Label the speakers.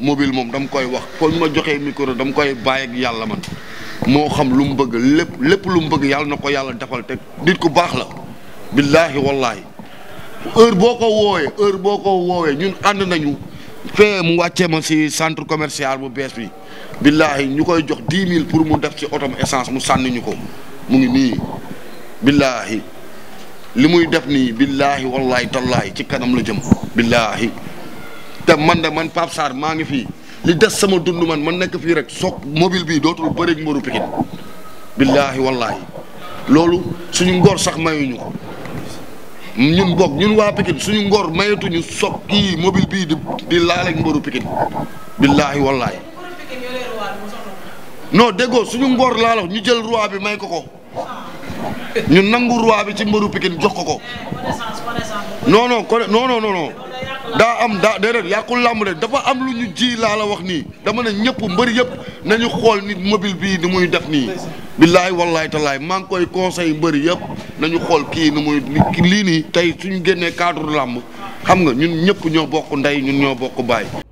Speaker 1: mobile moom dam koy wax fooñ ma joxee micro dama koy bàyyi ak yàlla man moo xam lu mu bëgg lépp lépp lu mu bëgg yàlla na ko yàlla defal te nit ku baax la billaahi wallaahi heure boo ko woowee heure boo ko woowee ñun ànd nañu fee mu wàccee ma si centre commercial bu bees bi billaahi ñu koy jox dix mille pour mu def ci otom essence mu sànni ko mu ngi nii billaahi li muy def nii billaahi wallaahi tallaahi ci kanam la jëm billaahi te man de man Pape Sarr maa ngi fii li des sama dund man man nekk fii rek soog mobile bii dootul bëreeg mbaru Pikine billaahi wallaahi loolu suñu ngor sax mayuñu ko ñun bokk ñun waa Pikine suñu ngor mayatuñu soog kii mobile bii di di laaleeg mbaru Pikine billaahi wallaahi non déggoo suñu ngor laalo ñu jël roi bi may ko ko ñu nangu roi bi ci mbaru Pikine jox ko ko non daa am daa déedéet yàqul làmb de dafa am lu ñu ji laa la wax nii dama ne ñëpp mbër yëpp nañu xool nit mobile bii ni muy def nii. billaay wallaay talaay maa ngi koy conseil mbëri yëpp nañu xool kii ni muy lii nii. tey suñu génnee cadre làmb xam nga ñun ñëpp ñoo bokk ndey ñun ñoo bokk baay.